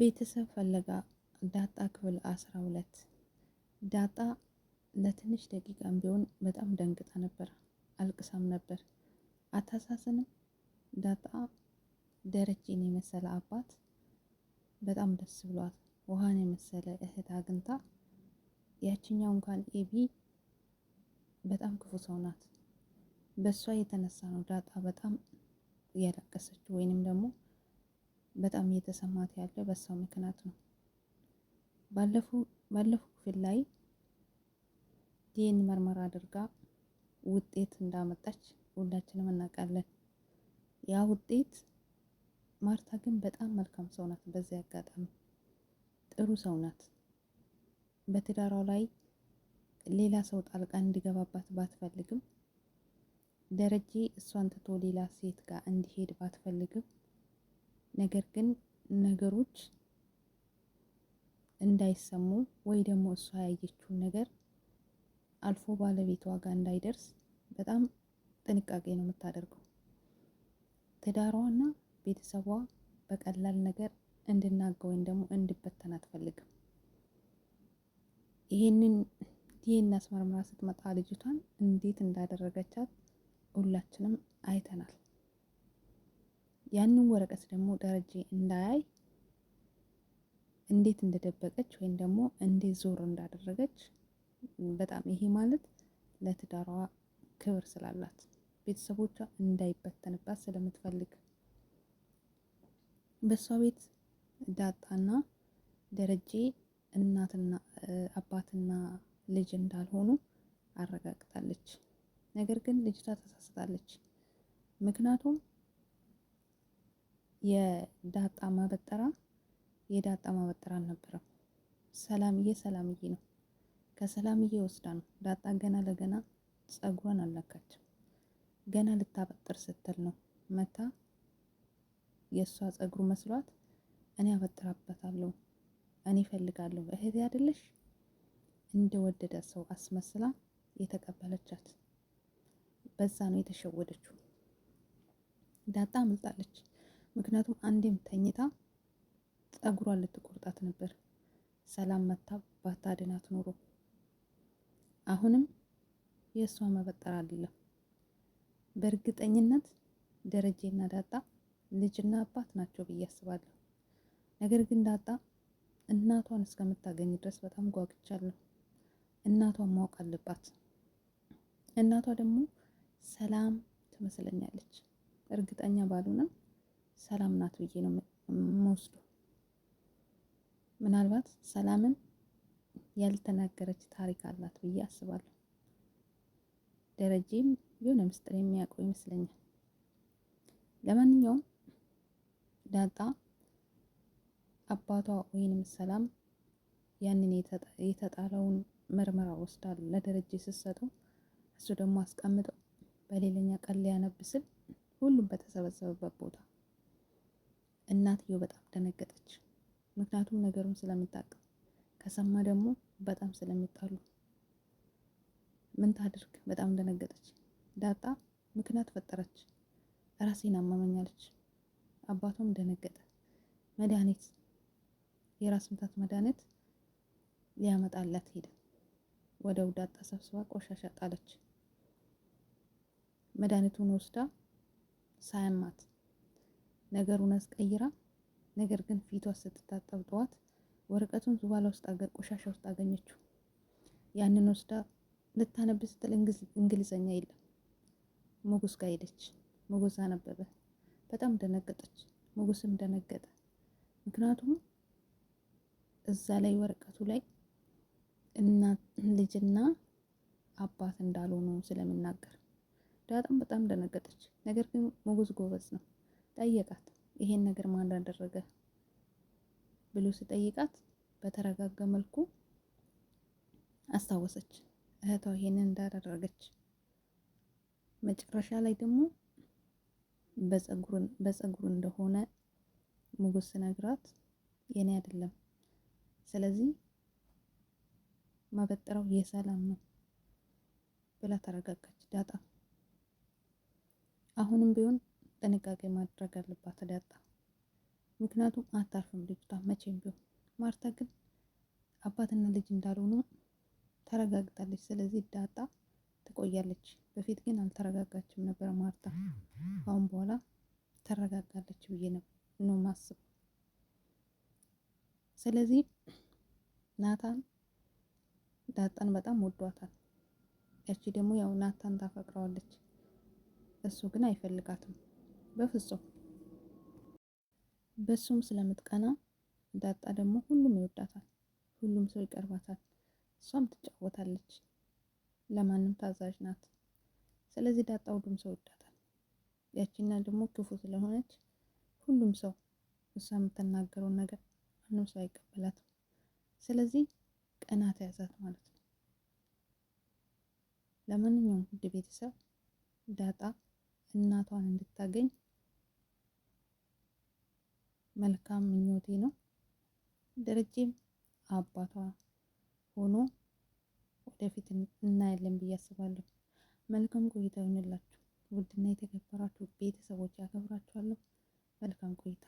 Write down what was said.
ቤተሰብ ፈለጋ ዳጣ ክፍል አስራ ሁለት ዳጣ ለትንሽ ደቂቃም ቢሆን በጣም ደንግጣ ነበር፣ አልቅሳም ነበር። አታሳዝንም? ዳጣ ደረጀን የመሰለ አባት በጣም ደስ ብሏት፣ ውሃን የመሰለ እህት አግኝታ፣ ያችኛው እንኳን ኤቢ በጣም ክፉ ሰው ናት። በእሷ የተነሳ ነው ዳጣ በጣም እያለቀሰችው ወይንም ደግሞ በጣም እየተሰማት ያለው በሳው ምክንያት ነው። ባለፈው ክፍል ላይ ዲኤን መርመራ አድርጋ ውጤት እንዳመጣች ሁላችንም እናውቃለን። ያ ውጤት ማርታ ግን በጣም መልካም ሰው ናት። በዚህ አጋጣሚ ጥሩ ሰው ናት። በትዳሯ ላይ ሌላ ሰው ጣልቃ እንዲገባባት ባትፈልግም፣ ደረጀ እሷን ትቶ ሌላ ሴት ጋር እንዲሄድ ባትፈልግም ነገር ግን ነገሮች እንዳይሰሙ ወይ ደግሞ እሷ ያየችውን ነገር አልፎ ባለቤቷ ጋር እንዳይደርስ በጣም ጥንቃቄ ነው የምታደርገው። ትዳሯና ቤተሰቧ በቀላል ነገር እንድናገ ወይም ደግሞ እንድበተን አትፈልግም። ይሄንን ይህን አስመርምራ ስትመጣ ልጅቷን እንዴት እንዳደረገቻት ሁላችንም አይተናል። ያንን ወረቀት ደግሞ ደረጀ እንዳያይ እንዴት እንደደበቀች ወይም ደግሞ እንዴት ዞር እንዳደረገች በጣም ይሄ ማለት ለትዳሯ ክብር ስላላት ቤተሰቦቿ እንዳይበተንባት ስለምትፈልግ በእሷ ቤት ዳጣና ደረጀ እናትና አባትና ልጅ እንዳልሆኑ አረጋግጣለች። ነገር ግን ልጅቷ ተሳስታለች። ምክንያቱም የዳጣ ማበጠራ የዳጣ ማበጠራ አልነበረም። ሰላምዬ ሰላምዬ ነው። ከሰላምዬ ወስዳ ነው። ዳጣ ገና ለገና ጸጉሯን አላካችም። ገና ልታበጥር ስትል ነው መታ የእሷ ጸጉር መስሏት እኔ አበጥራበታለሁ፣ እኔ እፈልጋለሁ፣ እህቴ አይደለሽ እንደወደደ ሰው አስመስላ የተቀበለቻት። በዛ ነው የተሸወደችው። ዳጣ አምልጣለች። ምክንያቱም አንዴም ተኝታ ጸጉሯን ልትቆርጣት ነበር። ሰላም መታ ባታድናት ኖሮ አሁንም የእሷ መበጠር አይደለም። በእርግጠኝነት ደረጀና ዳጣ ልጅና አባት ናቸው ብዬ አስባለሁ። ነገር ግን ዳጣ እናቷን እስከምታገኝ ድረስ በጣም ጓግቻለሁ። እናቷን ማወቅ አለባት። እናቷ ደግሞ ሰላም ትመስለኛለች፣ እርግጠኛ ባልሆነም ሰላም ናት ብዬ ነው የምወስዱ። ምናልባት ሰላምን ያልተናገረች ታሪክ አላት ብዬ አስባለሁ። ደረጀም የሆነ ምስጢር የሚያውቀው ይመስለኛል። ለማንኛውም ዳጣ አባቷ ወይንም ሰላም ያንን የተጣለውን ምርመራ ወስዳል ለደረጀ ስትሰጠው እሱ ደግሞ አስቀምጠው በሌላኛ ቀን ሊያነብስል ሁሉም በተሰበሰበበት ቦታ እናትየው በጣም ደነገጠች። ምክንያቱም ነገሩን ስለምታውቅ ከሰማ ደግሞ በጣም ስለሚጣሉ ምን ታድርግ? በጣም ደነገጠች። ዳጣ ምክንያት ፈጠረች። ራሴን አማመኛለች። አባቷም ደነገጠ። መድኃኒት፣ የራስ ምታት መድኃኒት ሊያመጣላት ሄደ። ወደው ዳጣ ሰብስባ ቆሻሻ ጣለች። መድኃኒቱን ወስዳ ሳያማት ነገሩን አስቀይራ ነገር ግን ፊቷ ስትታጠብ ጠዋት ወረቀቱን ዙባላ ውስጥ ቆሻሻ ውስጥ አገኘችው። ያንን ወስዳ ልታነብ ስትል እንግሊዘኛ የለም ሞጉስ ጋር ሄደች። ሞጉስ አነበበ። በጣም ደነገጠች። ሞጉስም ደነገጠ። ምክንያቱም እዛ ላይ ወረቀቱ ላይ እናት ልጅና አባት እንዳልሆኑ ስለሚናገር ዳጣም በጣም ደነገጠች። ነገር ግን ሞጉስ ጎበዝ ነው። ጠየቃት። ይሄን ነገር ማን አደረገ ብሎ ሲጠይቃት በተረጋጋ መልኩ አስታወሰች እህቷ ይሄንን እንዳደረገች። መጨረሻ ላይ ደግሞ በፀጉሩ እንደሆነ ሞገስ ነግራት የኔ አይደለም፣ ስለዚህ ማበጠረው የሰላም ነው ብላ ተረጋጋች ዳጣ አሁንም ቢሆን ጥንቃቄ ማድረግ አለባት ዳጣ። ምክንያቱም አታርፍም ልጅቷ መቼም ቢሆን። ማርታ ግን አባትና ልጅ እንዳልሆኑ ተረጋግጣለች። ስለዚህ ዳጣ ትቆያለች። በፊት ግን አልተረጋጋችም ነበር ማርታ። አሁን በኋላ ተረጋጋለች ብዬ ነው ማስብ። ስለዚህ ናታን ዳጣን በጣም ወዷታል። ያቺ ደግሞ ያው ናታን ታፈቅረዋለች፣ እሱ ግን አይፈልጋትም። በፍጹም በሱም ስለምትቀና ዳጣ ደግሞ ሁሉም ይወዳታል፣ ሁሉም ሰው ይቀርባታል፣ እሷም ትጫወታለች፣ ለማንም ታዛዥ ናት። ስለዚህ ዳጣ ሁሉም ሰው ይወዳታል። ያቺና ደግሞ ክፉ ስለሆነች ሁሉም ሰው እሷ የምትናገረውን ነገር ማንም ሰው አይቀበላትም። ስለዚህ ቀናት ያዛት ማለት ነው። ለማንኛውም ውድ ቤተሰብ ዳጣ እናቷን እንድታገኝ መልካም ምኞቴ ነው። ደረጀም አባቷ ሆኖ ወደፊት እናያለን ብዬ አስባለሁ። መልካም ቆይታ ይሆንላችሁ። ውድና የተከበራችሁ ቤተሰቦች ያከብራችኋለሁ። መልካም ቆይታ